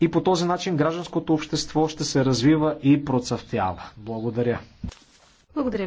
И по този начин гражданското общество ще се развива и процъфтява. Благодаря. Благодаря ви.